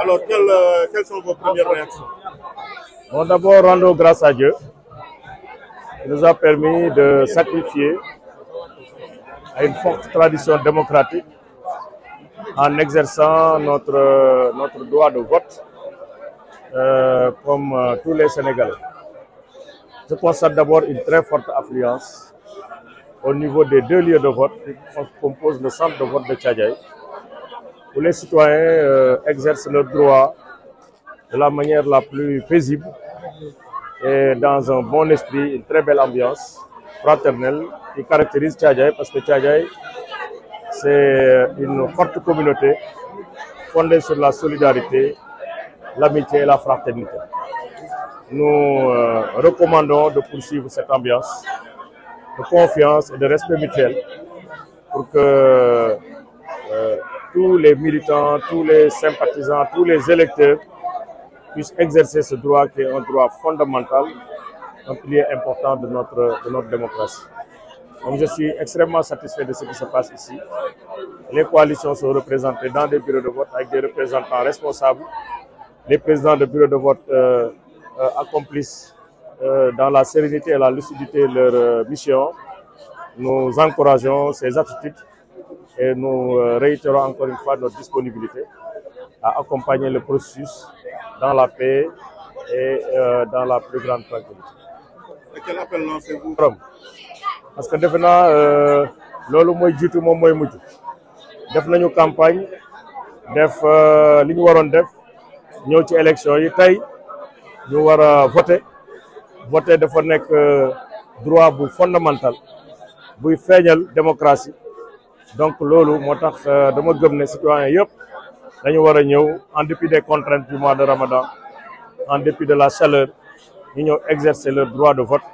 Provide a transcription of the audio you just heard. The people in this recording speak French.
Alors, euh, quelles, sont vos premières réactions Bon, d'abord, rendons grâce à Dieu. Il nous a permis de sacrifier à une forte tradition démocratique en exerçant notre, notre droit de vote euh, comme euh, tous les Sénégalais. Je constate d'abord une très forte affluence au niveau des deux lieux de vote qui composent le centre de vote de Tchadjaï où les citoyens euh, exercent leurs droits de la manière la plus paisible et dans un bon esprit, une très belle ambiance fraternelle qui caractérise Tchadjaï parce que Tchadjaï, c'est euh, une forte communauté fondée sur la solidarité, l'amitié et la fraternité. Nous euh, recommandons de poursuivre cette ambiance de confiance et de respect mutuel pour que tous les militants, tous les sympathisants, tous les électeurs puissent exercer ce droit qui est un droit fondamental, un pilier important de notre, de notre démocratie. Donc je suis extrêmement satisfait de ce qui se passe ici. Les coalitions sont représentées dans des bureaux de vote avec des représentants responsables. Les présidents de bureaux de vote euh, euh, accomplissent euh, dans la sérénité et la lucidité leur mission. Nous encourageons ces attitudes et nous euh, réitérons encore une fois notre disponibilité à accompagner le processus dans la paix et euh, dans la plus grande tranquillité. quel appel lancez-vous Parce que euh, campagne def def élection voter voter droit bu fondamental buy une démocratie donc lolo, motax euh, dama gëm né citoyens yépp dañu wara ñëw en dépit des contraintes du mois de Ramadan en dépit de la chaleur ñu ñëw exercer leur droit de vote